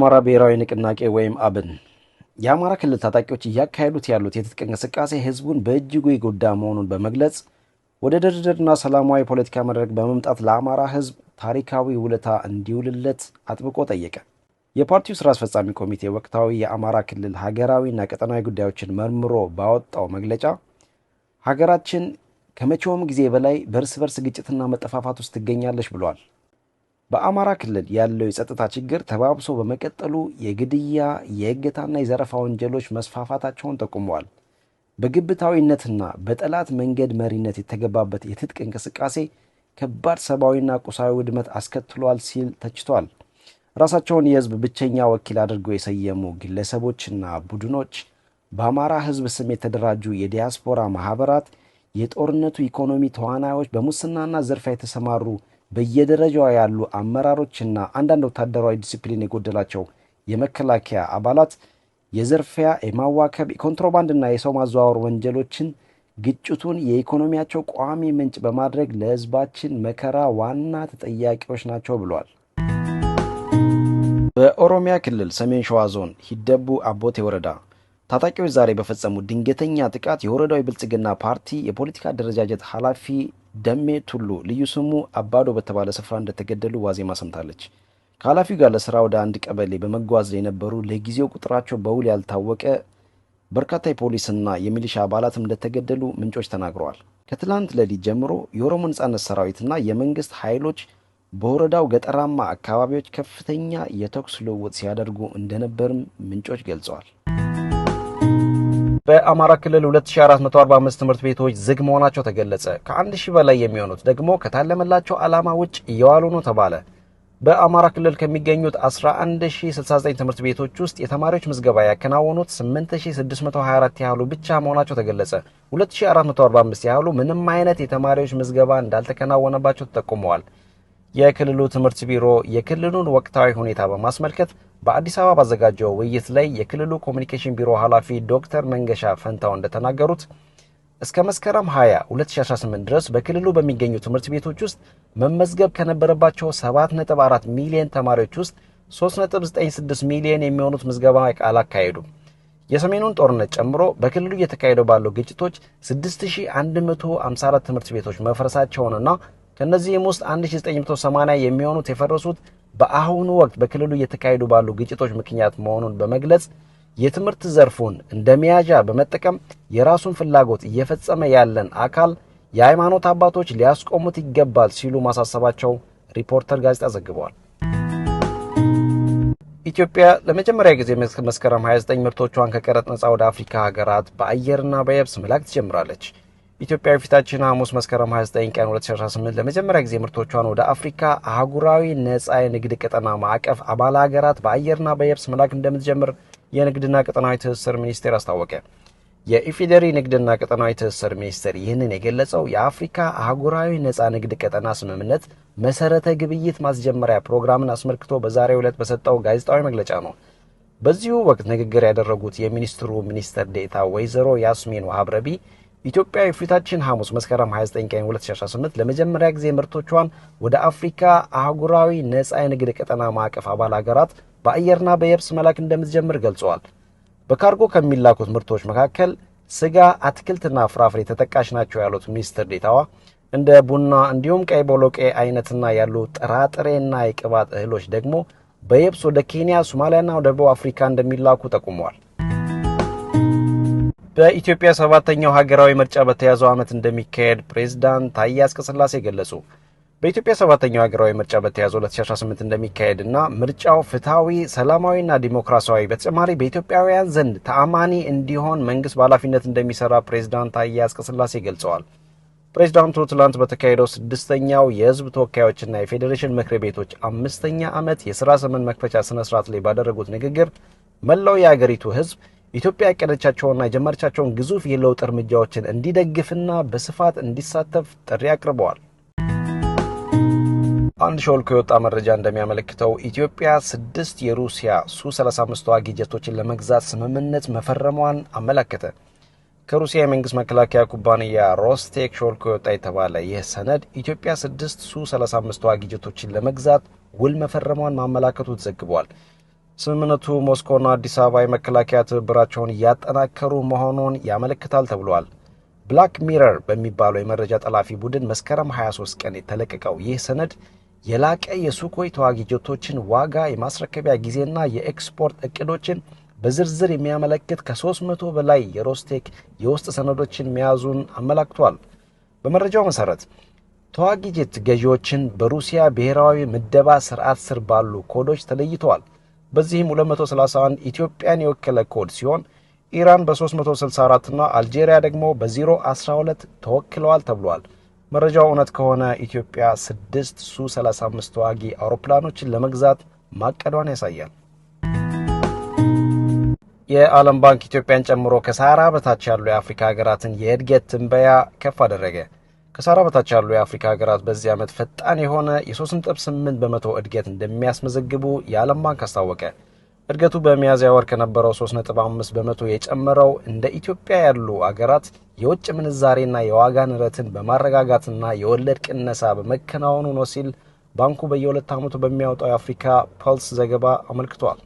አማራ ብሔራዊ ንቅናቄ ወይም አብን የአማራ ክልል ታጣቂዎች እያካሄዱት ያሉት የትጥቅ እንቅስቃሴ ህዝቡን በእጅጉ የጎዳ መሆኑን በመግለጽ ወደ ድርድርና ሰላማዊ ፖለቲካ መድረክ በመምጣት ለአማራ ህዝብ ታሪካዊ ውለታ እንዲውልለት አጥብቆ ጠየቀ። የፓርቲው ስራ አስፈጻሚ ኮሚቴ ወቅታዊ የአማራ ክልል ሀገራዊና ቀጠናዊ ጉዳዮችን መርምሮ ባወጣው መግለጫ ሀገራችን ከመቼውም ጊዜ በላይ በእርስ በርስ ግጭትና መጠፋፋት ውስጥ ትገኛለች ብሏል። በአማራ ክልል ያለው የጸጥታ ችግር ተባብሶ በመቀጠሉ የግድያ የእገታና የዘረፋ ወንጀሎች መስፋፋታቸውን ጠቁመዋል። በግብታዊነትና በጠላት መንገድ መሪነት የተገባበት የትጥቅ እንቅስቃሴ ከባድ ሰብአዊና ቁሳዊ ውድመት አስከትሏል ሲል ተችቷል። ራሳቸውን የሕዝብ ብቸኛ ወኪል አድርገው የሰየሙ ግለሰቦችና ቡድኖች፣ በአማራ ሕዝብ ስም የተደራጁ የዲያስፖራ ማህበራት የጦርነቱ ኢኮኖሚ ተዋናዮች፣ በሙስናና ዘርፋ የተሰማሩ በየደረጃዋ ያሉ አመራሮችና አንዳንድ ወታደራዊ ዲሲፕሊን የጎደላቸው የመከላከያ አባላት የዘርፊያ፣ የማዋከብ፣ የኮንትሮባንድና የሰው ማዘዋወር ወንጀሎችን ግጭቱን የኢኮኖሚያቸው ቋሚ ምንጭ በማድረግ ለሕዝባችን መከራ ዋና ተጠያቂዎች ናቸው ብሏል። በኦሮሚያ ክልል ሰሜን ሸዋ ዞን ሂደቡ አቦቴ ወረዳ ታጣቂዎች ዛሬ በፈጸሙ ድንገተኛ ጥቃት የወረዳው የብልጽግና ፓርቲ የፖለቲካ አደረጃጀት ኃላፊ ደሜ ቱሉ ልዩ ስሙ አባዶ በተባለ ስፍራ እንደተገደሉ ዋዜማ ሰምታለች። ከኃላፊው ጋር ለስራ ወደ አንድ ቀበሌ በመጓዝ ላይ የነበሩ ለጊዜው ቁጥራቸው በውል ያልታወቀ በርካታ የፖሊስና የሚሊሻ አባላት እንደተገደሉ ምንጮች ተናግረዋል። ከትላንት ሌሊት ጀምሮ የኦሮሞ ነጻነት ሰራዊትና የመንግስት ኃይሎች በወረዳው ገጠራማ አካባቢዎች ከፍተኛ የተኩስ ልውውጥ ሲያደርጉ እንደነበርም ምንጮች ገልጸዋል። በአማራ ክልል 2445 ትምህርት ቤቶች ዝግ መሆናቸው ተገለጸ። ከ ከ1000 በላይ የሚሆኑት ደግሞ ከታለመላቸው ዓላማ ውጭ እየዋሉ ነው ተባለ። በአማራ ክልል ከሚገኙት 11069 ትምህርት ቤቶች ውስጥ የተማሪዎች ምዝገባ ያከናወኑት 8624 ያህሉ ብቻ መሆናቸው ተገለጸ። 2445 ያህሉ ምንም አይነት የተማሪዎች ምዝገባ እንዳልተከናወነባቸው ተጠቁመዋል። የክልሉ ትምህርት ቢሮ የክልሉን ወቅታዊ ሁኔታ በማስመልከት በአዲስ አበባ ባዘጋጀው ውይይት ላይ የክልሉ ኮሚኒኬሽን ቢሮ ኃላፊ ዶክተር መንገሻ ፈንታው እንደተናገሩት እስከ መስከረም 20 2018 ድረስ በክልሉ በሚገኙ ትምህርት ቤቶች ውስጥ መመዝገብ ከነበረባቸው 7.4 ሚሊዮን ተማሪዎች ውስጥ 3.96 ሚሊዮን የሚሆኑት ምዝገባ አላካሄዱም። የሰሜኑን ጦርነት ጨምሮ በክልሉ እየተካሄደ ባለው ግጭቶች 6154 ትምህርት ቤቶች መፍረሳቸውንና ከነዚህም ውስጥ 1980 የሚሆኑት የፈረሱት በአሁኑ ወቅት በክልሉ እየተካሄዱ ባሉ ግጭቶች ምክንያት መሆኑን በመግለጽ የትምህርት ዘርፉን እንደ መያዣ በመጠቀም የራሱን ፍላጎት እየፈጸመ ያለን አካል የሃይማኖት አባቶች ሊያስቆሙት ይገባል ሲሉ ማሳሰባቸው ሪፖርተር ጋዜጣ ዘግቧል። ኢትዮጵያ ለመጀመሪያ ጊዜ መስከረም 29 ምርቶቿን ከቀረጥ ነጻ ወደ አፍሪካ ሀገራት በአየርና በየብስ መላክ ትጀምራለች። ኢትዮጵያ የፊታችን ሐሙስ መስከረም 29 ቀን 2018 ለመጀመሪያ ጊዜ ምርቶቿን ወደ አፍሪካ አህጉራዊ ነፃ የንግድ ቀጠና ማዕቀፍ አባል ሀገራት በአየርና በየብስ መላክ እንደምትጀምር የንግድና ቀጠናዊ ትስስር ሚኒስቴር አስታወቀ። የኢፌዴሪ ንግድና ቀጠናዊ ትስስር ሚኒስቴር ይህንን የገለጸው የአፍሪካ አህጉራዊ ነፃ ንግድ ቀጠና ስምምነት መሰረተ ግብይት ማስጀመሪያ ፕሮግራምን አስመልክቶ በዛሬው ዕለት በሰጠው ጋዜጣዊ መግለጫ ነው። በዚሁ ወቅት ንግግር ያደረጉት የሚኒስትሩ ሚኒስትር ዴታ ወይዘሮ ያስሚን ዋህብረቢ ኢትዮጵያ የፊታችን ሐሙስ መስከረም 29 ቀን 2018 ለመጀመሪያ ጊዜ ምርቶቿን ወደ አፍሪካ አህጉራዊ ነፃ የንግድ ቀጠና ማዕቀፍ አባል ሀገራት በአየርና በየብስ መላክ እንደምትጀምር ገልጸዋል። በካርጎ ከሚላኩት ምርቶች መካከል ስጋ፣ አትክልትና ፍራፍሬ ተጠቃሽ ናቸው ያሉት ሚኒስትር ዴታዋ እንደ ቡና እንዲሁም ቀይ ቦሎቄ አይነትና ያሉ ጥራጥሬና የቅባት እህሎች ደግሞ በየብስ ወደ ኬንያ፣ ሶማሊያና ደቡብ አፍሪካ እንደሚላኩ ጠቁመዋል። በኢትዮጵያ ሰባተኛው ሀገራዊ ምርጫ በተያዘው ዓመት እንደሚካሄድ ፕሬዝዳንት ታዬ አጽቀሥላሴ ገለጹ። በኢትዮጵያ ሰባተኛው ሀገራዊ ምርጫ በተያዘው 2018 እንደሚካሄድና ምርጫው ፍትሐዊ፣ ሰላማዊና ዲሞክራሲያዊ በተጨማሪ በኢትዮጵያውያን ዘንድ ተአማኒ እንዲሆን መንግስት በኃላፊነት እንደሚሰራ ፕሬዝዳንት ታዬ አጽቀሥላሴ ገልጸዋል። ፕሬዚዳንቱ ትላንት በተካሄደው ስድስተኛው የህዝብ ተወካዮችና የፌዴሬሽን ምክር ቤቶች አምስተኛ ዓመት የስራ ዘመን መክፈቻ ስነ ስርዓት ላይ ባደረጉት ንግግር መላው የአገሪቱ ህዝብ ኢትዮጵያ ያቀደቻቸውና የጀመረቻቸውን ግዙፍ የለውጥ እርምጃዎችን እንዲደግፍና በስፋት እንዲሳተፍ ጥሪ አቅርበዋል። አንድ ሾልኮ የወጣ መረጃ እንደሚያመለክተው ኢትዮጵያ ስድስት የሩሲያ ሱ-35 ተዋጊ ጀቶችን ለመግዛት ስምምነት መፈረሟን አመላከተ። ከሩሲያ የመንግስት መከላከያ ኩባንያ ሮስቴክ ሾልኮ የወጣ የተባለ ይህ ሰነድ ኢትዮጵያ ስድስት ሱ-35 ተዋጊ ጀቶችን ለመግዛት ውል መፈረሟን ማመላከቱ ተዘግቧል። ስምምነቱ ሞስኮና አዲስ አበባ የመከላከያ ትብብራቸውን እያጠናከሩ መሆኑን ያመለክታል ተብሏል። ብላክ ሚረር በሚባለው የመረጃ ጠላፊ ቡድን መስከረም 23 ቀን የተለቀቀው ይህ ሰነድ የላቀ የሱኮይ ተዋጊ ጀቶችን ዋጋ፣ የማስረከቢያ ጊዜና የኤክስፖርት እቅዶችን በዝርዝር የሚያመለክት ከ300 በላይ የሮስቴክ የውስጥ ሰነዶችን መያዙን አመላክቷል። በመረጃው መሰረት ተዋጊ ጄት ገዢዎችን በሩሲያ ብሔራዊ ምደባ ስርዓት ስር ባሉ ኮዶች ተለይተዋል። በዚህም 231 ኢትዮጵያን የወከለ ኮድ ሲሆን ኢራን በ364 እና አልጄሪያ ደግሞ በ012 ተወክለዋል ተብሏል። መረጃው እውነት ከሆነ ኢትዮጵያ 6 ሱ 35 ተዋጊ አውሮፕላኖችን ለመግዛት ማቀዷን ያሳያል። የዓለም ባንክ ኢትዮጵያን ጨምሮ ከሰሃራ በታች ያሉ የአፍሪካ ሀገራትን የእድገት ትንበያ ከፍ አደረገ። ከሳራ በታች ያሉ የአፍሪካ ሀገራት በዚህ ዓመት ፈጣን የሆነ የ3.8 በመቶ እድገት እንደሚያስመዘግቡ የዓለም ባንክ አስታወቀ። እድገቱ በሚያዝያ ወር ከነበረው 3.5 በመቶ የጨመረው እንደ ኢትዮጵያ ያሉ አገራት የውጭ ምንዛሬና የዋጋ ንረትን በማረጋጋትና የወለድ ቅነሳ በመከናወኑ ነው ሲል ባንኩ በየሁለት ዓመቱ በሚያወጣው የአፍሪካ ፐልስ ዘገባ አመልክቷል።